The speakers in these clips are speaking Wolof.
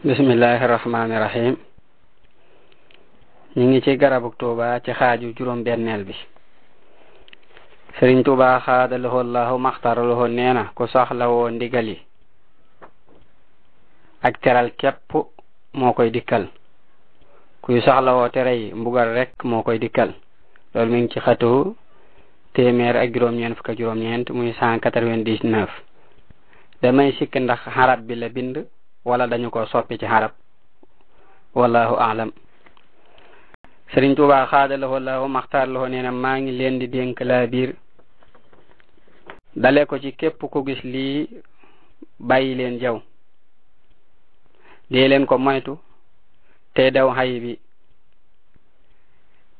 bismillahi rahmaani ngi ci garabug tuuba ci xaaju juróom benneel bi sëriñ tuuba xaadaloxoo laahu maxtaraloxoo nee na ku soxlawoo ndigal yi ak teral képp moo koy dikkal kuy soxlawoo tere yi mbugal rek moo koy dikkal loolu mi ngi ci xatu téeméer ak juróom-ñeent fukk ak juróom-ñeent muy cent quatre vingt damay sikk ndax xarab bi bind wala dañu ko soppi ci xarab wallahu alam Sëriñ Tuubaa xaadalawoo laahu maxtaar nee na maa ngi leen di dénk laa biir dale ko ci képp ku gis lii bàyyi leen jaw dee leen ko moytu te daw xayi bi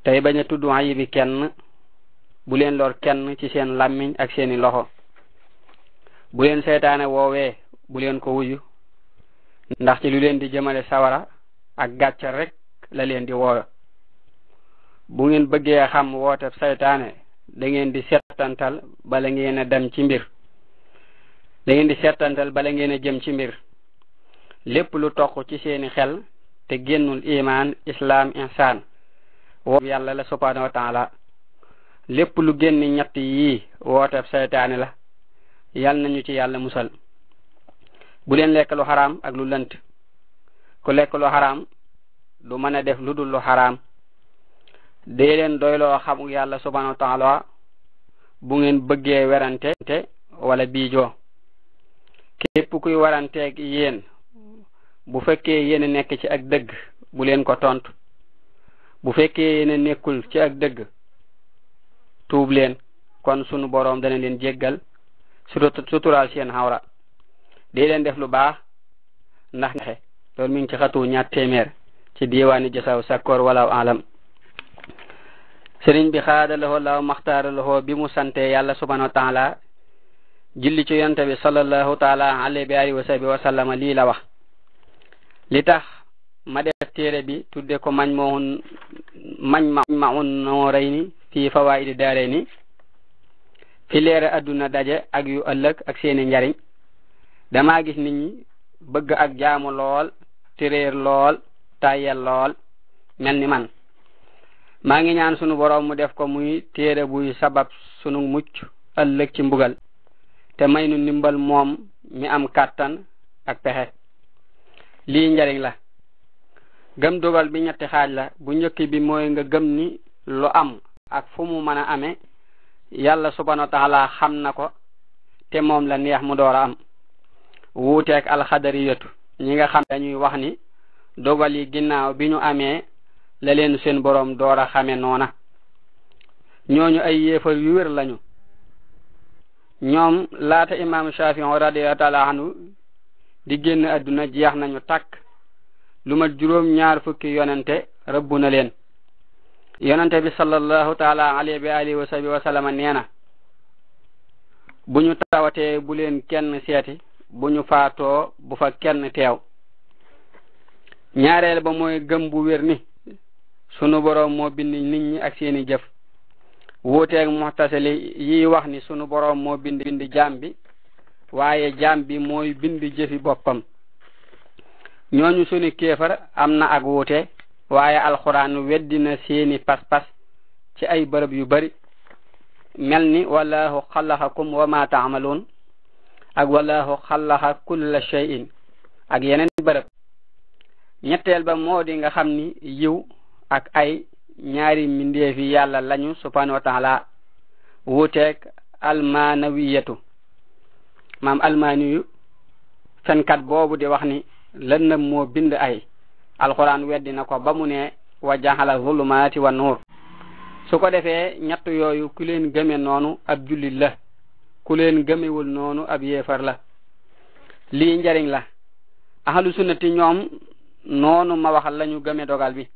tey bañ a tudd xayi bi kenn bu leen lor kenn ci seen làmmiñ ak seeni loxo bu leen seytaane woowee bu leen ko wuyu ndax ci lu leen di jëmale sawara ak gàcce rek la leen di wooyo bu ngeen bëggee xam woote seytaane da ngeen di settantal bala ngeen a dem ci mbir da di settantal bala ngeen a jëm ci mbir lépp lu toq ci seeni xel te génnul imaan islaam insaan woote yàlla la subhanahu wa taala lépp lu génn ñetti yii woote saytaane la yal nañu ci yàlla musal bu leen lekk lu xaraam ak lu lënt ku lekk lu haram du mën a def lu dul lu xaraam dee leen doyloo xamu yàlla subhanahu wa taala bu ngeen bëggee werante wala biijoo képp kuy waranteeg yéen bu fekkee yéen nekk ci ak dëgg bu leen ko tont bu fekkee yéen nekkul ci ak dëgg tuub leen kon sunu boroom dana leen jéggal suturaal seen hawra dee leen def lu baax ndax nga loolu mi ngi ci xatu ñaar téeméer ci diwaani jasaw sakkoor walaaw alam sëriñ bi xaada loxo laaw maxtaara loxo bi mu sante yàlla subhanahu wa taala julli ci yonte bi sallallahu taala alayhi bi alihi wa sahbi wa sallama lii la wax li tax ma def téere bi tudde ko mañ maun mañ ma ma un nooray ni fii fawaidi daare ni fi leere adduna daje ak yu ëllëg ak seeni njariñ damaa gis nit ñi bëgg ak jaamu lool téréer lool tàyyel lool mel ni man maa ngi ñaan sunu boroom mu def ko muy téere buy sabab sunu mucc ëllëg ci mbugal te may nu ndimbal moom mi am kàttan ak pexe lii njariñ la gëm dogal bi ñetti xaaj la bu njëkk bi mooy nga gëm ni lu am ak fu mu mën a ame yàlla subhanahu xam na ko te moom la neex mu door a am wuuteeg alxadariyatu ñi nga xam dañuy wax ni dogal yi ginnaaw bi ñu amee la leen seen boroom doora a xame noona ñooñu ay yéefar yu wër lañu ñoom laata imaam Shaafi radiyallahu taala anhu di génn àdduna jeex nañu takk lu mat juróom ñaar fukki yonente rëbbu na leen yonente bi sallallahu taala alayhi wa alihi wa sahbihi wa bu ñu tawatee bu leen kenn seeti bu ñu faatoo bu fa kenn teew ñaareel ba mooy gëm bu wér ni sunu boroom moo bind nit ñi ak seeni jëf wuuteeg muxtasili yiy wax ni sunu boroom moo bind bind jaam bi waaye jaam bi mooy bind jëfi boppam ñooñu sunu kéefar am na ak wuute waaye alxuraan weddina seeni pas-pas ci ay bërëb yu bari mel ni wallahu xalaxakum wa ma taamaluun ak wallahu xalaxa kulla shay'in ak yeneen bërëb ñetteel ba moo di nga xam ni yiw ak ay ñaari mbindeefi yàlla lañu subhanahu wa taala wuuteeg almanawiyatu maam almaani fenkat boobu di wax ni lëndëm moo bind ay alxuraan weddi na ko ba mu ne wa jaxala zulumaati wa nuur su defee ñett yooyu ku leen noonu ab jullit la ku leen gëmewul noonu ab yeefar la lii njariñ la ahlu sunnati ñoom noonu ma waxal la gëme dogal bi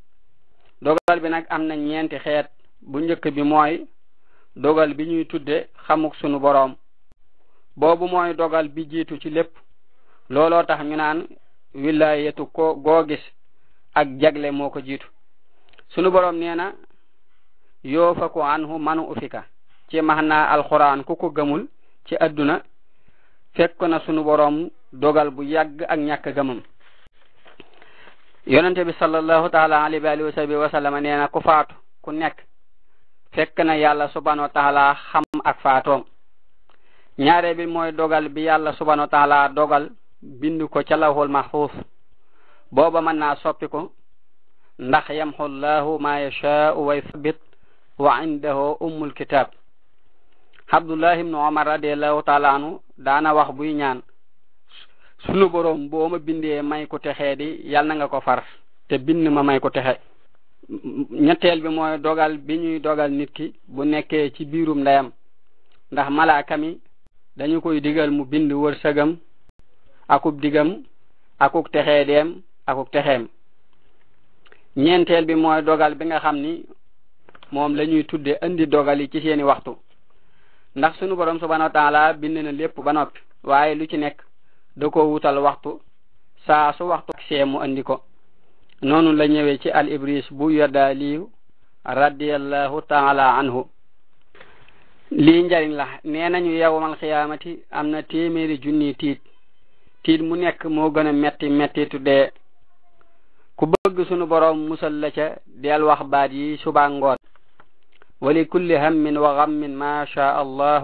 dogal bi nag am na ñeenti xeet bu njëkk bi mooy dogal bi ñuy tudde xamuk sunu boroom boobu mooy dogal bi jiitu ci lépp looloo tax ñu naan wilayetu ko goo gis ak jagle moo ko jiitu sunu boroom nee na yoo fa ko anhu manu ufika ci max naa alxuraan ku ko gëmul ci aduna fekk na sunu borom dogal bu yàgg ak ñak gëmam yonante bi sallallahu taala alayhi wa sallam wa sallam neena ku faatu ku nek fekk na yàlla subhanahu wa taala xam ak faatoom ñaare bi moy dogal bi yàlla subhanahu wa taala dogal bind ko ca lawhul mahfuz boba man na soppi ko ndax yamxu llahu ma yashaa'u wa yuthbit wa indahu umul kitab abdullah ibnu omar radiallahu taala daana wax buy ñaan sunu boroom boo ma bindee may ko texee di yal na nga ko far te bind ma may ko texe ñetteel bi mooy dogal bi ñuy dogal nit ki bu nekkee ci biirum ndeyam ndax malaaka mi dañu koy digal mu bind wërsëgam akub digam akuk texee deem akuk texeem ñeenteel bi mooy dogal bi nga xam ni moom lañuy ñuy tudde indi dogal yi ci seeni waxtu ndax sunu borom subhanahu wa bind na lépp ba noppi waaye lu ci nekk da ko wutal waxtu saa su waxtu see mu indi ko noonu la ñëwee ci al ibris bu yoddaaliyu radiallahu taala anhu lii njariñ la nee nañu yowmal xiyaamati am na téeméeri junni tiit tiit mu nekk moo gën a metti mettitu dee ku bëgg sunu borom musal la ca del wax baat yi suba ngoon ولكل هم وغم ما شاء الله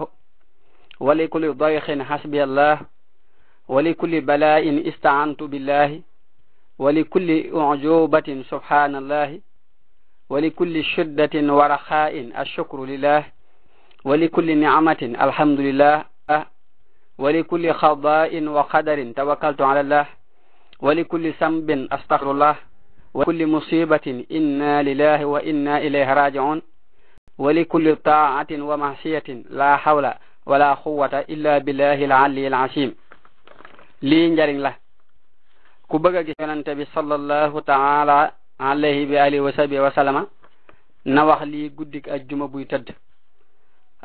ولكل ضيق حسبي الله ولكل بلاء استعنت بالله ولكل أعجوبة سبحان الله ولكل شدة ورخاء الشكر لله ولكل نعمة الحمد لله ولكل خضاء وقدر توكلت على الله ولكل سنب أستغفر الله ولكل مصيبة إنا لله وإنا إليه راجعون ولكل طاعة ومعصية لا حول ولا قوة إلا بالله العلي العظيم لي نجارين لا كو صلى الله تعالى عليه وآله وسلم وسلم نوخ لي غوديك الجمعة بوي تد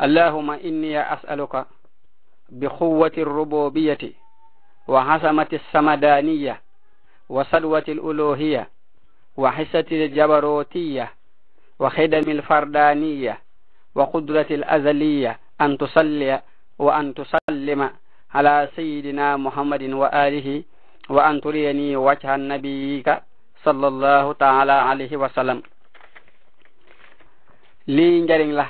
اللهم إني أسألك بقوة الربوبية وحسمة السمدانية وصلوة الألوهية وحسة الجبروتية وخدم الفردانية وقدرة الأزلية أن تصلي وأن تسلم على سيدنا محمد وآله وأن تريني وجه النبي صلى الله تعالى عليه وسلم لي نجرين له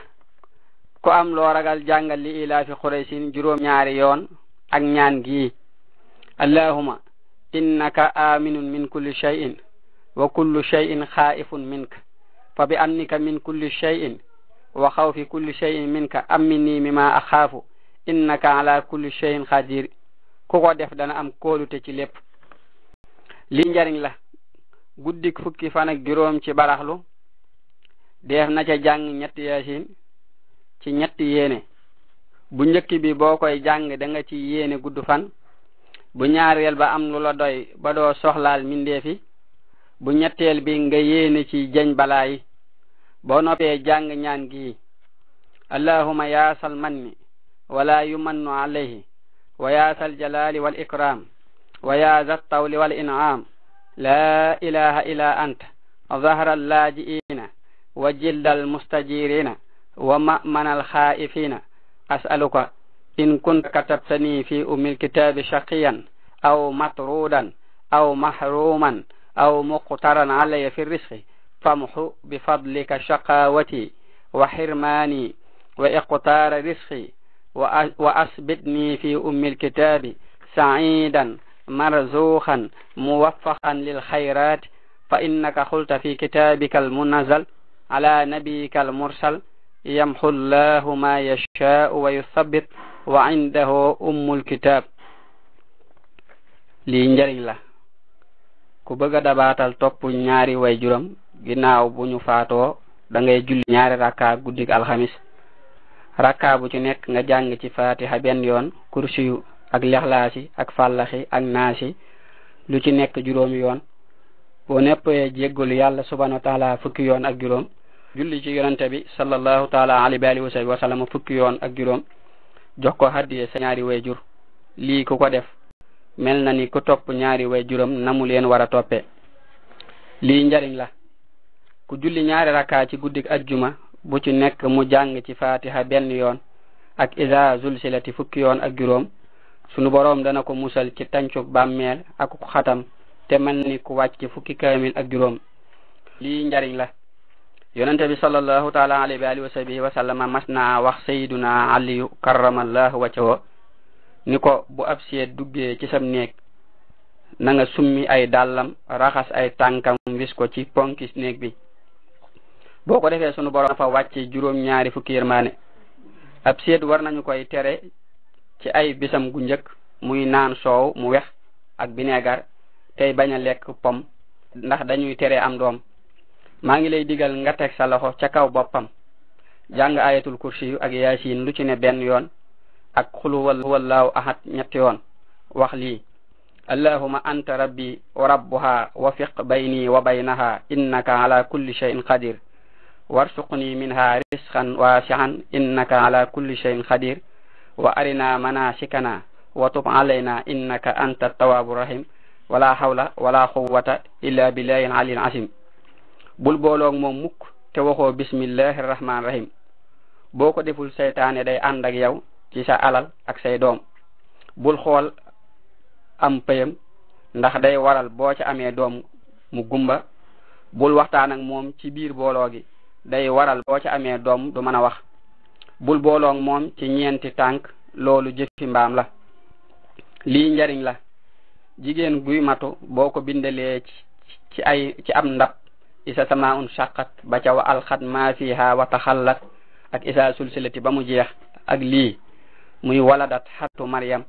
كو أم لو رجل جانجل لي في قريش جروم ياريون أغنان جي اللهم إنك آمن من كل شيء وكل شيء خائف منك fa bi annika min kulli shay'in wa khawfi kulli shay'in minka ammini mima akhafu innaka ala kulli shay'in khadir ku ko def dana am koolute ci lépp li njariñ la guddik fukki fan ak juróom ci baraxlu deef na ca jàng ñetti yaasin ci ñetti yéene bu njëkk bi boo koy jàng da nga ci yéene gudd fan bu ñaareel ba am lu la doy ba doo soxlaal mindee fi bu ñetteel bi nga yéene ci jañ balaa yi بونو بي جانغ نيان اللهم يا سلمان ولا يمن عليه ويا ذا الجلال والإكرام ويا ذا الطول والإنعام لا إله إلا أنت ظهر اللاجئين وجلد المستجيرين ومأمن الخائفين أسألك إن كنت كتبتني في أم الكتاب شقيا أو مطرودا أو محروما أو مقترا علي في الرزق الطمح بفضلك شقاوتي وحرماني وإقطار رزقي وأثبتني في أم الكتاب سعيدا مرزوخا موفقا للخيرات فإنك قلت في كتابك المنزل على نبيك المرسل يمحو الله ما يشاء ويثبت وعنده أم الكتاب لينجر الله la باتل bëgg نياري ويجرم ginnaaw bu ñu faatoo dangay ngay julli ñaari rakka guddik alxamis rakka bu ci nekk nga jàng ci fatiha benn yoon kursiyu ak lexlaasi ak fàllaxi ak naasi lu ci nekk juróom yoon boo neppee jéggalu yàlla subhanahu wa taala fukki yoon ak juróom julli ci bi sallallahu taala alayhi yoon ak juróom ko haddiye sa ñaari way jur lii ku ko def mel na ni ku topp ñaari way juróom namu leen war a toppee lii njariñ la ku julli ñaari rakkaa ci guddik ajjuma bu ci nekk mu jàng ci fatiha benn yoon ak iza zulsilati fukki yoon ak juróom sunu boroom dana ko musal ci tancuk bàmmeel ak xatam te mel ni ku wàcc fukki kaamil ak juróom lii njariñ la yonente bi sallallahu taala alayhi wa alihi wa sahbihi wa sallama mas naa wax sayyiduna aliyu karramallahu wajhahu ni ko bu ab seet duggee ci sam néeg nanga nga summi ay dàllam raxas ay tànkam wisko ci ponkis néeg bi boo ko defee sunu borom fa wacce jurom ñaari fukki yermane ab seet war nañu koy tere ci ay bisam gu njëkk muy naan soow mu wex ak binégar tey baña lek pom ndax dañuy tere am doom maa ngi lay digal nga teg sa loxo ca kaw boppam jang ayatul kursi ak yaasin lu ci ne benn yoon ak xulu wallahu ahad ñetti yoon wax li. allahumma anta rabbi wa rabbuha wa fiq bayni wa baynaha innaka ala kulli shay'in qadir وارزقني منها رزقا واسعا إنك على كل شيء قدير وأرنا مناسكنا وتب علينا إنك أنت التواب الرحيم ولا حول ولا قوة إلا بالله العلي العظيم bul booloo moom mukk te waxoo bismillahi rahmaan rahim boo ko deful seytaane day ànd ak yow ci sa alal ak say doom bul xool am payam ndax day waral boo ca amee doom mu gumba bul waxtaan ak moom ci biir booloo gi day waral boo ci amee doom du mën a wax bul booloog moom ci ñeenti tànk loolu jëfi mbaam la lii njariñ la jigéen guy matu boo ko bindalee ci ay ci am ndab isa sama un shaqat ba ca wa alxat ma fiha wa taxallat ak isa sulsilati ba mu jeex ak lii muy waladat xattu maryam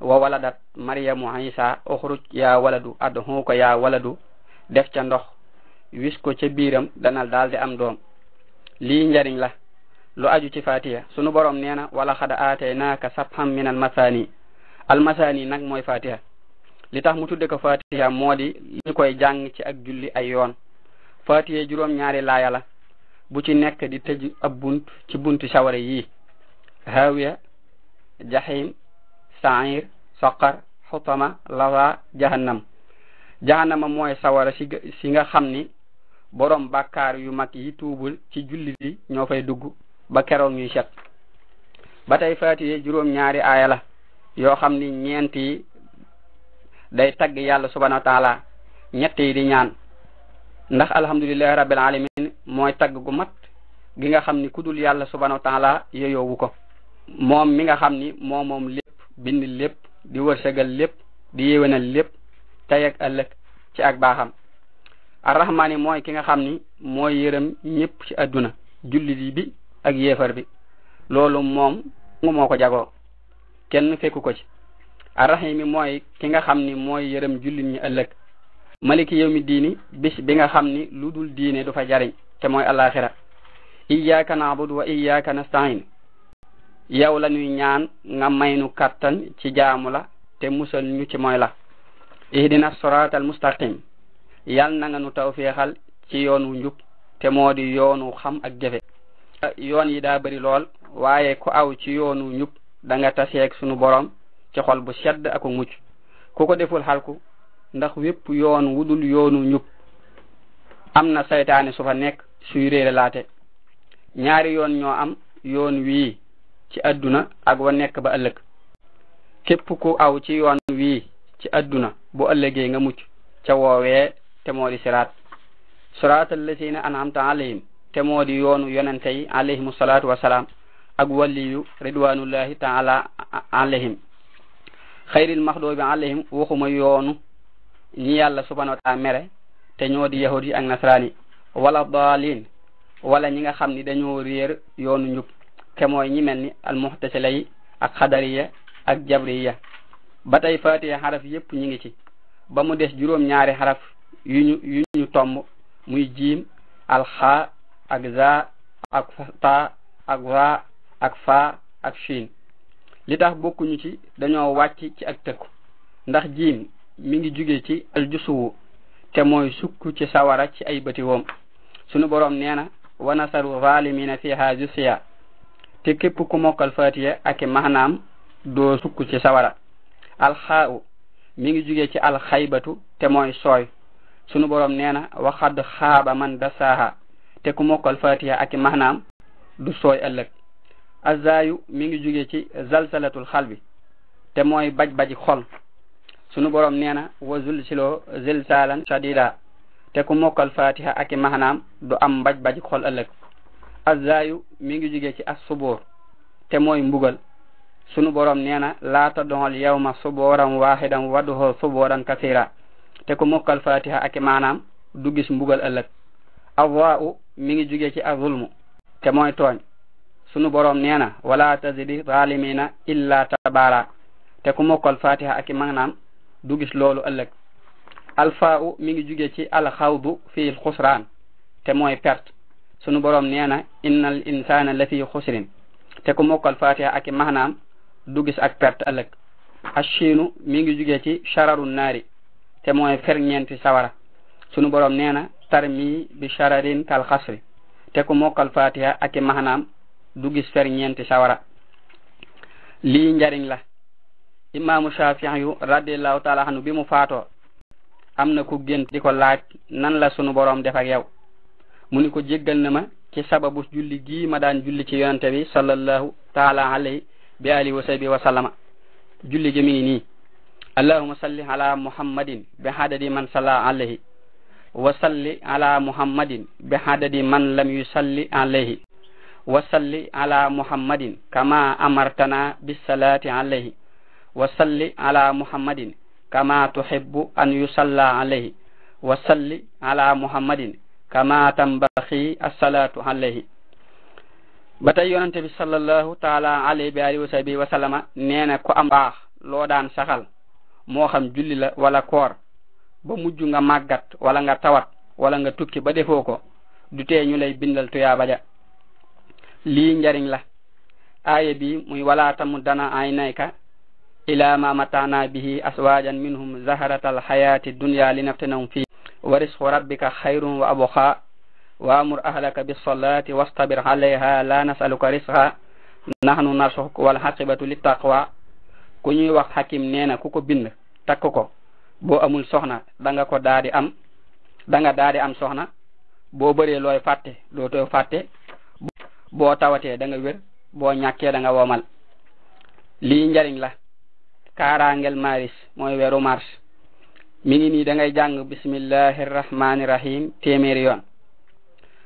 wa waladat maryamu isa uxruj yaa waladu adxu ko yaa waladu def ca ndox wis ko ca biiram dana daal di am doom li njariñ la lu aju ci fatiha sunu borom neena wala xada aataynaaka sabham min al masani al masani nak moy fatiha li tax mu tudde ko fatiha modi di koy jang ci ak julli ay yoon fatiha jurom ñaari laaya la bu ci nekk di tej ab bunt ci buntu shawara yi. hawiya jahim sair saqar hutama lawa jahannam jahannama moy sawara si si nga xam ni borom bàkkaar yu mag yi tuubul ci jullit yi ñoo fay dugg ba keroog ñuy set ba tey faatiye juróom ñaari aaya la yoo xam ni ñeent day tagg yàlla subhanahu wa taala ñett yi di ñaan ndax alhamdulillahi rabbil alamin mooy tagg gu mat gi nga xam ni ku dul yàlla subhanahu wa taala yeyoowu ko moom mi nga xam ni moomoom moom lépp bind lépp di wërsëgal lépp di yéwénal lépp tey ak ëllëg ci ak baaxam arrahmaani mooy ki nga xam ni mooy yërëm ñëpp ci adduna jullit bi ak yéefar bi loolu moom moo ko jagoo kenn fekku ko ci arrahimi mooy ki nga xam ni mooy yërëm jullit ñi ëllëg maliki yawmi diini bis bi nga xam ni lu dul diine du fa jariñ te mooy alaxira iyyaka na'budu na iyyaka nasta'in yow la ñuy ñaan nga may nu kattan ci jaamu la te musal ñu ci moy la ihdina siraatal mustaqim yal na nga taw feexal ci yoonu njub te moo di yoonu xam ak jëfe yoon yi daa bari lool waaye ku aw ci yoonu njub danga nga taseeg sunu borom ci xol bu sedd ak mucc ku ko deful xalku ndax wépp yoon wudul yoonu njub am na saytaane su fa nekk suy laate ñaari yoon ñoo am yoon wii ci adduna ak wa nekk ba ëllëg képp ku aw ci yoon wii ci adduna bo ëllëgee nga mucc ca woowee te moo di siraat siraat allazina an'amta te moo di yoonu yonente yi alayhimu salaatu wasalaam ak waliyu ridwanullahi taala alayhim xayril maxdoobi alayhim waxuma yoonu ñi yàlla subhanahu wa mere te ñoo di yahud ak nasraan yi wala daalin wala ñi nga xam ni dañoo réer yoonu njub te mooy ñi mel ni almuxtasila yi ak xadariya ak jabriya ba tey fatiha xaraf yépp ñi ngi ci ba mu des juróom ñaari xaraf yu ñu yu tomb muy jiim alxaa ak za ak ta ak ra ak fa ak shin li tax bokkuñu ci dañoo wàcc ci ak tëkku ndax jiim mi ngi jóge ci aljusuwu te mooy sukk ci sawara ci ay bëti woom sunu boroom nee na wa nasaru zalimina fiha jusiya te képp ku mokkal fatiya ak maanaam doo sukk ci sawara alxaawu mi ngi jóge ci alxaybatu te mooy sooy sunu borom neena wa waxad xaaba man dasaaha te ku mokkal fatiha ak i maanaam du sooy ëllëg azaayu mi ngi jóge ci zalsalatul xal bi te mooy baj-baji xol sunu borom neena wa zul zulsiloo zilsaalan shadida te ku mokkal fatiha ak i maanaam du am baj-baji xol ëllëg azaayu mi ngi jóge ci as subur te mooy mbugal sunu borom neena na laata doxal yawma suburan subooram waaxidan suburan subooran kasira te ku mokkal fatiha ak manam du gis mbugal ëllëg arraau mi ngi jóge ci zulmu. te mooy tooñ sunu borom nee na wala tazidi zalimina illa tabara te ku mokkal fatiha ak manam du gis loolu ëllëg alfaau mi ngi jóge ci alxawdu fi xusraan te mooy perte sunu borom nee na innal insana lafi xusrin te ku mokkal fatiha ak manam du gis ak perte ëllëg ashinu mi ngi jóge ci shararu naari te mooy ferñeenti sawara sunu borom nee na tarmi bi shararin kal xasri te ku mokkal fatiha ak i maxanaam du gis ferñeenti sawara lii njariñ la imaamu Shaafi'i yu taala anu bi mu faatoo am na ku gént di ko laaj nan la sunu borom def ak yow mu ni ko jéggal na ma ci sababu julli gii ma daan julli ci yonente bi sallallahu taala alayhi bi alihi wa sahbi julli gi mi ngi اللهم صل على محمد بحدد من صلى عليه وصل على محمد بحدد من لم يصلي عليه وصل على محمد كما أمرتنا بالصلاة عليه وصل على محمد كما تحب أن يصلى عليه وصل على محمد كما تنبغي الصلاة عليه ba tey yonante bi sallallahu taala alayhi wa alihi wa sahbihi wa sallama am baax daan saxal mo xam julli la wala koor ba mujj nga màggat wala nga tawat wala nga tukki ba defoo ko du tee ñu lay bindal tuyaaba ja lii njariñ la aaya bi muy wala walaatamu dana ay nayka ila ma matana bihi aswajan minhum zahrata alhayati dunya linaftinahum fi wa risqu rabbika khayrun wa abqa وامر أهلك بالصلاة واصطبر عليها لا نسألك رزقا نحن نرزقك والعاقبة للتقوى ku ñuy wax xakim nee na ku ko bind takk ko boo amul soxna danga ko daa di am da nga am soxna boo bëree looy fàtte doo too fàtte boo tawatee da nga boo ñàkkee da nga womal lii njariñ la kaaraangel maris mooy weeru mars mi ngi nii da ngay jàng bismillahi rahmaani rahim téeméeri yoon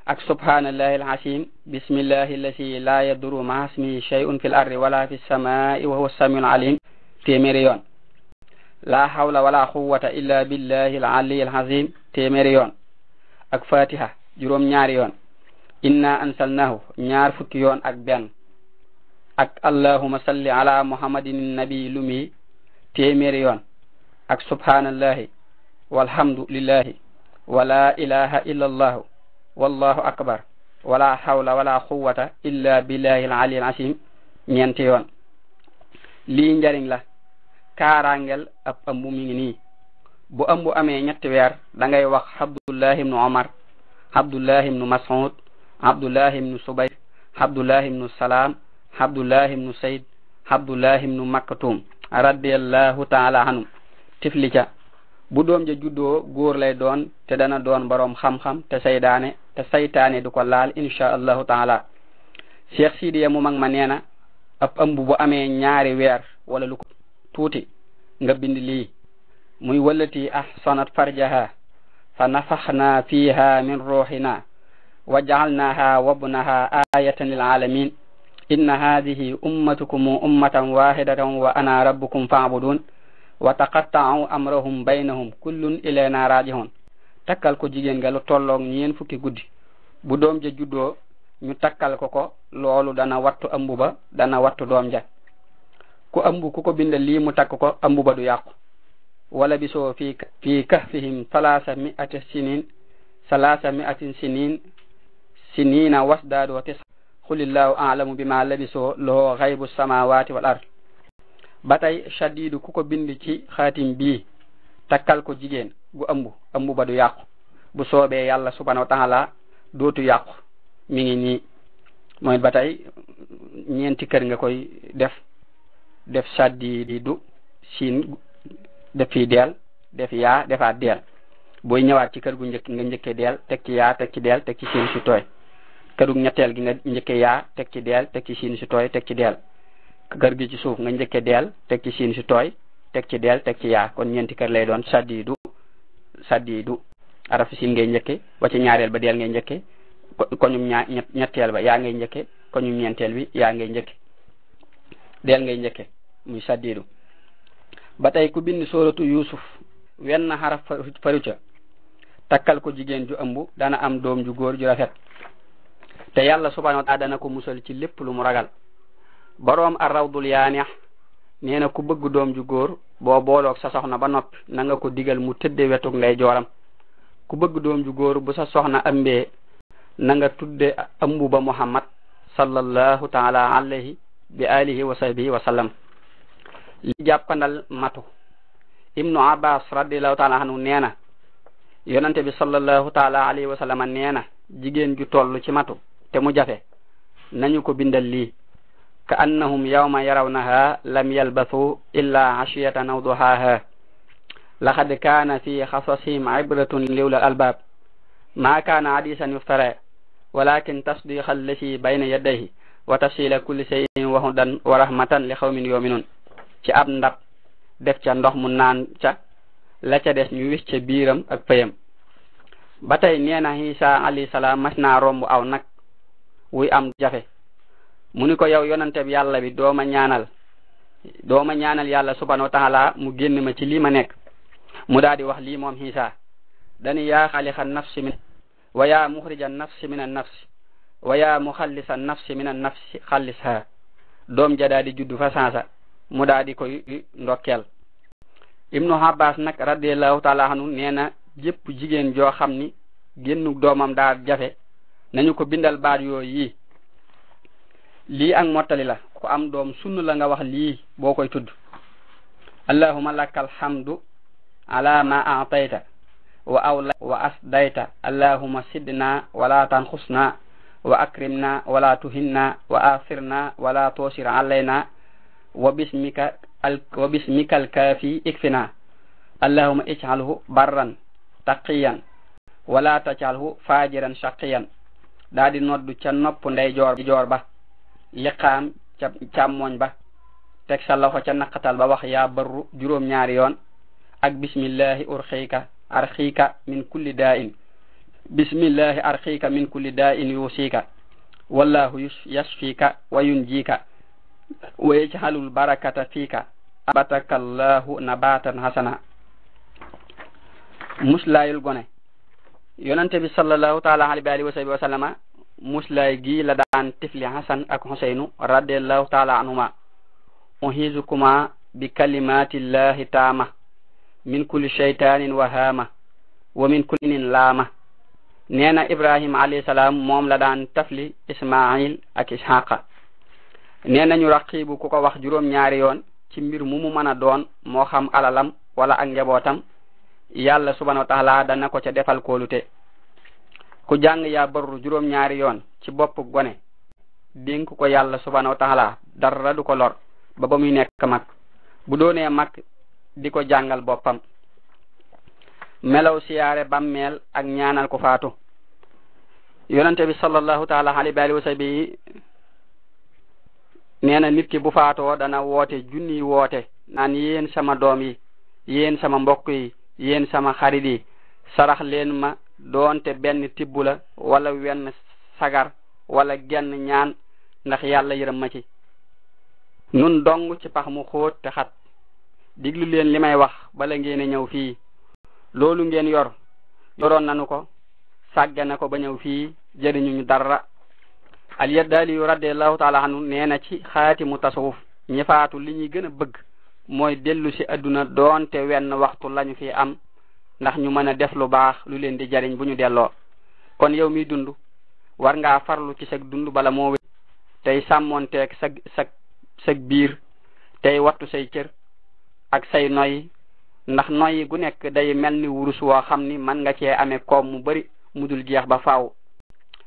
ak subhanallahi alazim bismillahi allati la yaduru ma ismihi shay'un fil ardi wala fis samai wa huwa samiul alim téeméeri yoon la hawla wala quwwata illa billahi alali alazim téeméeri yoon ak fatiha juróom ñaari yoon inna ansalnahu ñaar fukki yoon ak benn ak allahuma salli ala muhammadin nabi lumi téeméeri yoon ak subhanallahi walhamdulillahi wala ilaha illa allahu والله أكبر ولا حول ولا قوة إلا بالله العلي العظيم نينتيون لي نجارين لا كارانجل أب أمو ميني بو أمو أمي نتوير لنجي وقت عبد الله بن عمر عبد الله بن مسعود عبد الله بن سبيل عبد الله بن السلام عبد الله بن سيد عبد الله بن مكتوم رضي الله تعالى عنه تفلجا bu doom ja juddoo góor lay doon te dana doon borom xam-xam te saydaane te saytaane du ko laal insha allahu taala cheikh sidiya mu mag ma nee na ab ëmb bu amee ñaari weer wala lu ko tuuti nga bind lii muy ah sonat farjaha fa nafaxna fiha min ruuxina wa jaalnaha wabnaha ayatan lil alamin inna hadihi ummatukum ummatan wahidatan wa ana rabbukum faabudun wa taqatta'u amrahum baynahum kullun ilayna raji'un takal ko jigen ga lu tolok ñeen fukki guddi bu dom je juddo ñu takal ko ko lolu dana wattu ambuba dana wattu dom ja ku ambu kuko binde li mu takko ambu badu yaqku wala biso fi fi kahfihim thalatha mi'ati sinin thalatha mi'ati sinin sinina wasdadu wa tis qulillahu a'lamu bima labiso lo ghaibu samawati wal ardh ba tey shadidu ku ko bind ci xaatim bii takkal ko jigéen gu ëmb ëmb ba du yàqu bu soobee yàlla subhanahu wa taala dootu yàqu mi ngi nii mooy ba ñeenti kër nga koy def def shadidu siin def fii deel def yaa defaat deel booy ñëwaat ci kër gu njëkk nga njëkkee deel teg ci yaa teg ci deel teg ci siin su tooy ñetteel gi nga njëkkee yaa teg ci deel teg ci siin su tooy teg ci deel kër gi ci suuf nga njëkke deel teg ci siin si tooy teg ci deel teg ci yaa kon ñeenti kër lay doon saddi du saddi du arafu siin ngay njëkke ba ci ñaareel ba deel ngay njëkke ko ñaa ba yaa ngay njëkke koñum ñeenteel bi yaa ngay njëkke deel ngay njëkke muy saddi ba tey ku bind sóoratu yusuf wenn xaraf faru ca takkal ko jigéen ju ëmb dana am doom ju góor ju rafet te yàlla subhanahu wa taala dana ko musal ci lépp lu mu ragal boroom arrawdul yaanix nee na ku bëgg doom ju góor boo booloog sa soxna ba noppi nanga ko digal mu tëdde wetug ndey jooram ku bëgg doom ju góor bu sa soxna ambee na nga tudde ëmbu ba muhammad sallallahu taala alayhi bi alihi wa sahbihi wa sallam li jàppandal matu ibnu abbas radiallahu taala anhu nee na yonante bi sallallahu taala alayhi wa sallam nee na jigéen ju toll ci matu te mu jafe nañu ko bindal lii كأنهم يوم يرونها لم يلبثوا إلا عشية أو ضحاها لقد كان في خصصهم عبرة لولا الألباب ما كان حديثا يفترى ولكن تصديق الذي بين يديه وتفصيل كل شيء وهدى ورحمة لقوم يؤمنون ci ab ndab def ca ndox mu naan ca la ca des ñu wis ca biiram ak payam ba tey nee na Isa alayhi salaam mas naa romb aw nag wuy am jafe mu ni ko yow yonante yàlla bi doo ma ñaanal doo ma ñaanal yàlla subhanahu wa taala mu génn ma ci lii ma nekk mu daal wax lii moom xiisa dani yaa xaaliqa nafsi min wa yaa muxrija nafsi min an nafsi wa yaa muxallisa nafsi min an nafsi xallisha doom ja daal di juddu fa sansa mu daal di koy ndokkeel ibnu abbas nag radiallahu taala anu nee na jigéen joo xam ni génnu doomam daa jafe nañu ko bindal baat yooyu yi lii ak mottali la ku am doom sunn la nga wax lii boo koy tudd allahuma laka alhamdu ma aatayta wa awla wa asdayta allahuma sidna wala tanxusna wa akrimna wala tuhinna wa asirna wala toosir alayna wa bismika alkaafi ikfina allahuma ijcalhu barran taqiyan wala tajcalhu fajiran shaqiyan daa noddu ca nopp ndey joor joor liqaam ca càmmooñ ba teg sa loxo ca naqatal ba wax yaa barru juróom ñaari yoon ak bismillahi urxika arxika min kulli daa in bismillahi arxika min kulli daa in wallahu yashfika wa yunjika wa yajhalul barakata fika abatakallahu nabatan hasana muslaayul gone yonante bi sallallahu taala alayhi wa sallama muslay gi la daan tifli hasan ak huseynu radiallahu taala anhuma uhizukuma bi kalimatillahi taama min kulli shaytanin wahaama wa min kulli laama neena na alayhi salam moom la daan tafli ismail ak ishaqa neena ñu raqibu ku ko wax juróom ñaari yoon ci mbir mu mu mën doon moo xam alalam wala ak njabootam yàlla subhanahu wa taala dana ko ca defal kóolute ku jàng yaa barru juróom ñaari yoon ci bopp gone dénk ko yàlla subhanahu wa taala dara du ko lor ba ba muy nekk mag bu doonee mag di ko jàngal boppam melaw siyaare bàmmeel ak ñaanal ko faatu yonente bi sallallahu taala alayhi wa sallam bi nee na nit ki bu faatoo dana woote junni woote naan yéen sama doom yi yéen sama mbokk yi yéen sama xarit yi sarax leen ma doonte benn tibb la walla wenn sagar walla genn ñaan ndax yàlla yërëm ma ci nun dong ci pax mu xóot te xat diglu leen li may wax bala ngeen a ñëw fii loolu ngeen yor yoroon nanu ko sàggane ko ba ñëw fii jëriñuñu dara alyaddaaliyu radiallahu taala anu nee na ci xaatimu tasawuf ñi faatu li ñuy gën a bëgg mooy dellu ci adduna doonte wenn waxtu lañu fi am ndax ñu mën a def lu baax lu leen di jariñ bu ñu delloo kon yow mii dund war ngaa farlu ci sag dund bala moo wé tey sàmmonteeg sag sag sag biir tey wattu say cër ak say noyyi ndax noyyi gu nekk day mel ni wurus woo xam ni mën nga cee amee koom mu bari mu dul jeex ba faw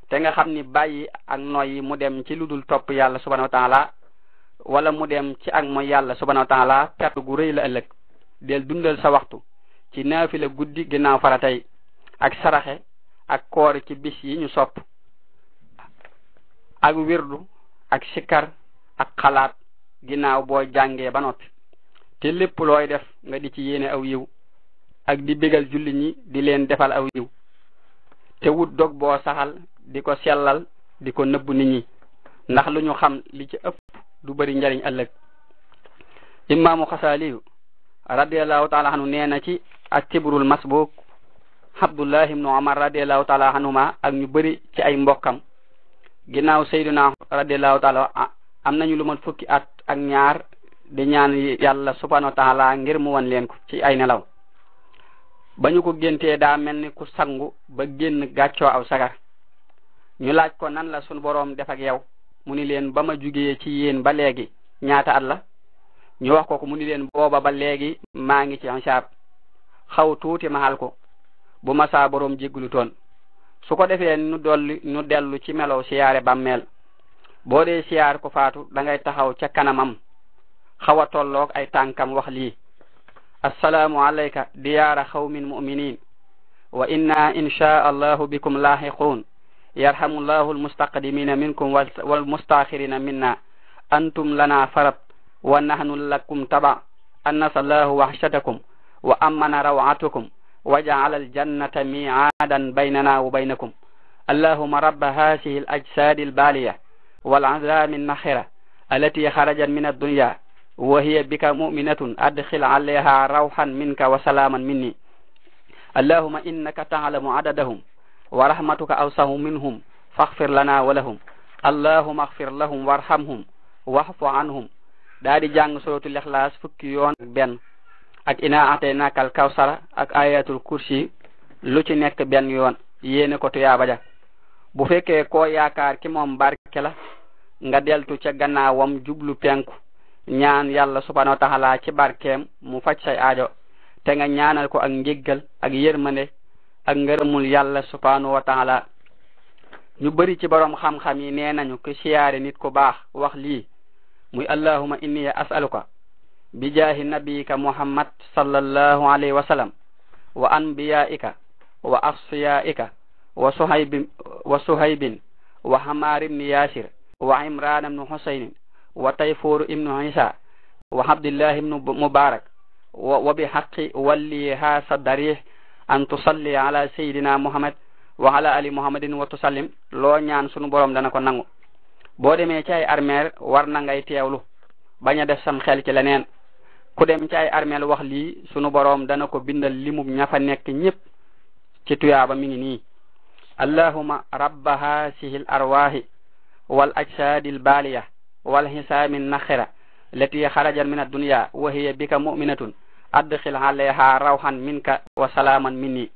te nga xam ni bàyyi ak noyyi mu dem ci lu dul topp yàlla subhanahu wa taala wala mu dem ci ak mooy yàlla subhanahu wa taala perte gu rëy la ëllëg del dundal sa waxtu ci naafila guddi ginnaaw faratay ak saraxe ak koor ci bis yi ñu sopp ak wirdu ak sikkar ak xalaat ginnaaw boo jàngee ba noppi te lépp looy def nga di ci yéene aw yiw ak di bégal julli ñi di leen defal aw yiw te wut dog boo saxal di ko sellal di ko nëbb nit ñi ndax lu ñu xam li ci ëpp du bari njariñ ëllëg imaamu xasaaliyu radiallahu taala anu nee ci atibru al masbuk abdullah ibnu umar radiyallahu ta'ala anhuma ak ñu bari ci ay mbokam ginaaw sayyidina radiyallahu ta'ala am nañu lu mat fukki at ak ñaar di ñaan yàlla subhanahu wa taala ngir mu wan leen ko ci ay nelaw ba ñu ko géntee daa mel ni ku sangu ba génn gàccoo aw sagar ñu laaj ko nan la sun boroom def ak yow mu ni leen ba ma jugee ci yéen ba léegi ñaata at la ñu wax ko ko mu ni leen booba ba léegi maa ngi ci ansaab xaw tuuti mahal ko bu masa borom jéglu toon su ko defee nu dolli nu dellu ci melow siyaare bàmmeel boo dee siyaar ko faatu da ngay taxaw ca kanamam xaw a tolloog ay tànkam wax lii assalaamu alayka diyaara xawmin muminin wa inna insha allahu bikum laaxiquun yarhamu llahu almustaqdimina minkum walmustaxirina minna antum lana farab wa nahnu lakum taba an nasallahu waxshatakum وأمن روعتكم وجعل الجنة ميعادا بيننا وبينكم اللهم رب هذه الأجساد البالية والعذاب النخرة التي خرجت من الدنيا وهي بك مؤمنة أدخل عليها روحا منك وسلاما مني اللهم إنك تعلم عددهم ورحمتك أوسع منهم فاغفر لنا ولهم اللهم اغفر لهم وارحمهم واعف عنهم دادي جانغ سورة الإخلاص ixlaas fukki yoon ak ina ataynaka al kawsara ak ayatul kursi lu ci nekk benn yoon yéene ko tuyaaba ja bu fekkee ko yaakaar ki moom barke la nga deltu ca gannaawam jublu penku ñaan yàlla subhanahu wa taala ci barkeem mu faj say aajo te nga ñaanal ko ak njéggal ak yërmande ak ngërëmul yàlla subhanahu wa taala ñu bari ci borom xam-xam yi nee nañu ku siyaare nit ku baax wax lii muy allahuma inni as'aluka بجاه نبيك محمد صلى الله عليه وسلم وأنبيائك وأصفيائك وصهيب وصهيب وحمار بن ياسر وعمران بن حسين وطيفور بن عيسى وعبد الله بن مبارك وبحق وليها صدريه أن تصلي على سيدنا محمد وعلى آل محمد وتسلم لو نيان سونو بوروم dana ko nangu boo demee ci ay armeer ngay teewlu bañ def sam xel ci ku dem ci ay armeel wax lii sunu boroom dana ko bindal limu ña fa nekk ñépp ci tuyaaba mi ngi nii allahuma rabbaha sihil l wal ajsaadi l baaliya wal hisaami naxira lati xarajat min addunya wa hiya bika muminatun adxil alayha rawhan minka wa salaaman minni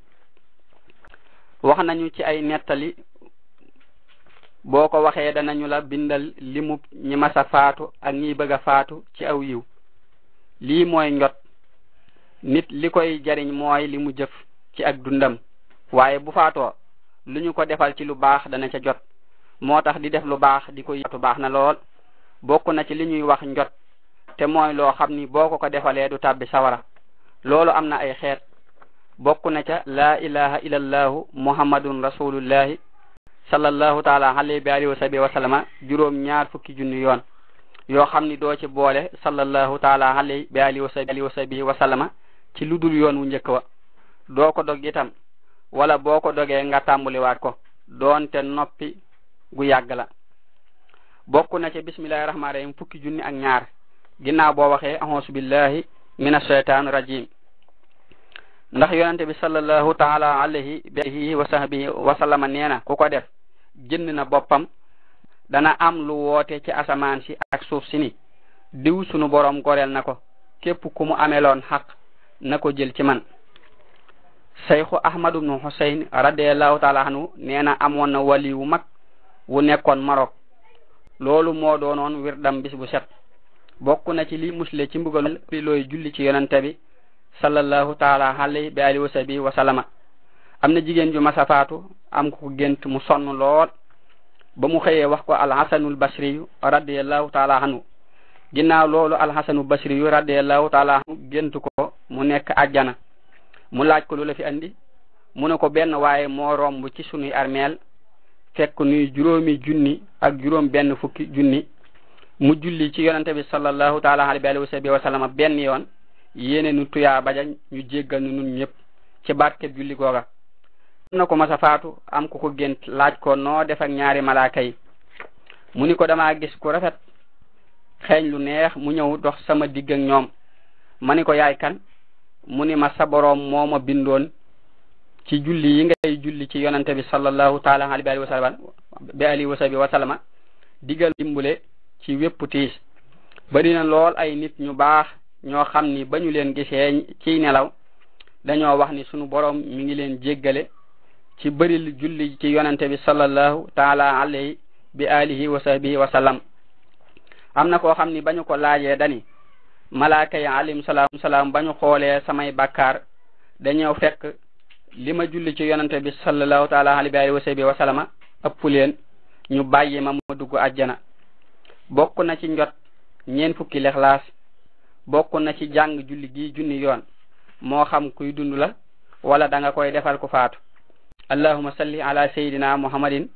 wax nañu ci ay nettali boo ko danañu la bindal limu ñi masa faatu ak ñiy bëgg faatu ci aw yiw lii mooy njot nit li koy jariñ mooy li mu jëf ci ak dundam waaye bu faatoo li ñu ko defal ci lu baax dana ca jot moo tax di def lu baax di ko yaatu baax na lool bokk na ci li ñuy wax njot te mooy loo xam ni boo ko ko defalee du tàbbi sawara loolu am na ay xeet bokk na ca laa ilaha illallahu muhammadun rasulullahi sallallahu taala alayhi wa alihi wa sahbihi juróom ñaar fukki junni yoon yoo xam ni doo ci boole sallallahu taala alay bi ali wa sabi wa sabi wa sallama ci ludul yoon wu njëkk wa doo ko dog itam wala boo ko dogee nga tàmbuliwaat ko doonte noppi gu yàgg la bokk na ci bismillahi rahmaan rahim fukki junni ak ñaar ginnaaw boo waxee ahonsu billahi min asheytaan rajim ndax yonente bi sallallahu taala alayhi bi alihi wa sahbihi wa sallama nee na ku ko def jënn na boppam dana am lu wote ci asamaan si ak suuf si ni diw sunu borom goreel na ko képp ku mu ameloon xaq na ko jël ci man sayxu ahmad ibnu husayn radiallahu taala anhu nee na amoon na wali wu mag wu nekkoon Marok loolu moo doonoon wirdam bis bu set bokk na ci li musle ci mbugal li looy julli ci yonante bi sallallahu taala alayhi bi alihi wa sahbihi wa salama amna jigen ju masafatu am ko gént mu sonn lool ba mu xëyee wax ko alxasanul basriyu radiallahu taala anhu ginnaaw loolu alxasanu basriyu radiallahu taala anhu gént ko mu nekk ajjana mu laaj ko lu la fi andi mu ne ko benn waaye moo romb ci sunuy armeel fekk nuy juróomi junni ak juróom benn fukki junni mu julli ci yonante bi sallallahu bi alayhi wa sallam benn yoon yéene nu tuyaa baja ñu jéggal nu nun ñëpp ci barkeb julli googa am na ko masa a faatu am ku ko gént laaj ko noo def ak ñaari malaaka mu ni ko damaa gis ku rafet xeeñ lu neex mu ñëw dox sama digg ak ñoom ma ni ko yaay kan mu ni ma sa boroom moo ma bindoon ci julli yi ngay julli ci yonante bi sallallahu taala alayhi wa bi alihi wa sahbi wa sallama digal dimbule ci wépp tiis bari na lool ay nit ñu baax ñoo xam ni bañu ñu leen gisee ciy nelaw dañoo wax ni sunu boroom mu ngi leen jéggale ci bëril julli ci yonente bi sallallahu taala alayhi bi alihi am na koo xam ni bañu ko laajee dani malaaka yi alayhim salaam salaam ba xoolee samay bakkaar dañoo fekk li ma julli ci yonente bi sallallahu taala alayhi bi alihi wa sahbihi wa sallama ñu bàyyi ma ma dugg àjjana bokk na ci njot ñeen fukki lexlaas bokk na ci jàng julli gi junni yoon moo xam kuy dund la wala da nga koy defal ku faatu allahuma salli ala sayidina mouhamadin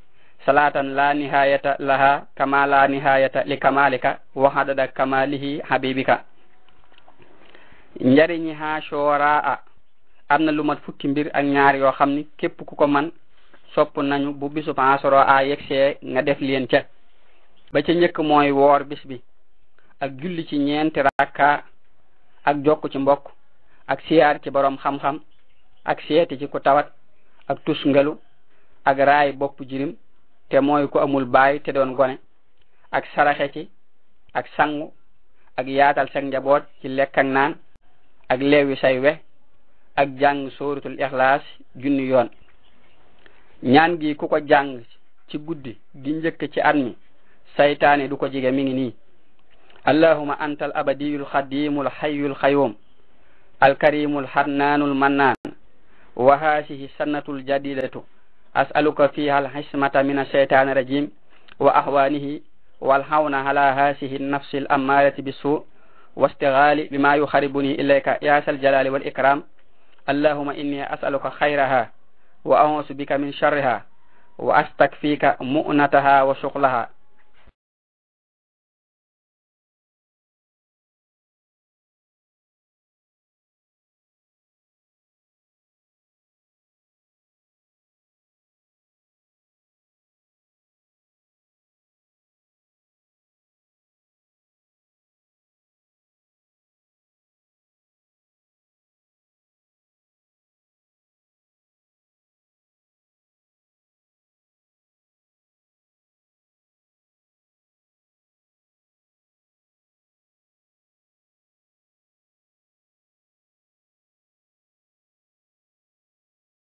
salatan la nihayata laha kama la nihayata li kamalika wa hadada kamalihi habibika njariñi ha coora a amna lu mat fukki mbir ak ñaar yoo xam ni képp ku ko man sopp nañu bu bisub ansoro a yegsee nga def leen ca ba ca njëkk mooy woor bis bi ak julli ci ñeenti rakka ak jokk ci mbokk ak siyaar ci borom xam-xam ak seeti ci ku tawat ak tus ngelu ak raay bopp jirim te mooy ku amul baay te doon gone ak saraxe ci ak sangu ak yaatal sa njaboot ci lekk ak naan ak leewi say we ak jàng sóoratul ixlaas junni yoon ñaan gi ku ko jàng ci guddi gi njëkk ci at mi saytaane du ko jige mi ngi nii allahuma antal abadiyul xadimul xayyul xayum alkarimul xannaanul mannaan وهذه السنة الجديدة أسألك فيها الحسمة من الشيطان الرجيم وأهوانه والحون على هذه النفس الأمارة بالسوء واستغالي بما يخربني إليك يا الجلال والإكرام اللهم إني أسألك خيرها وأعوذ بك من شرها وأستكفيك مؤنتها وشغلها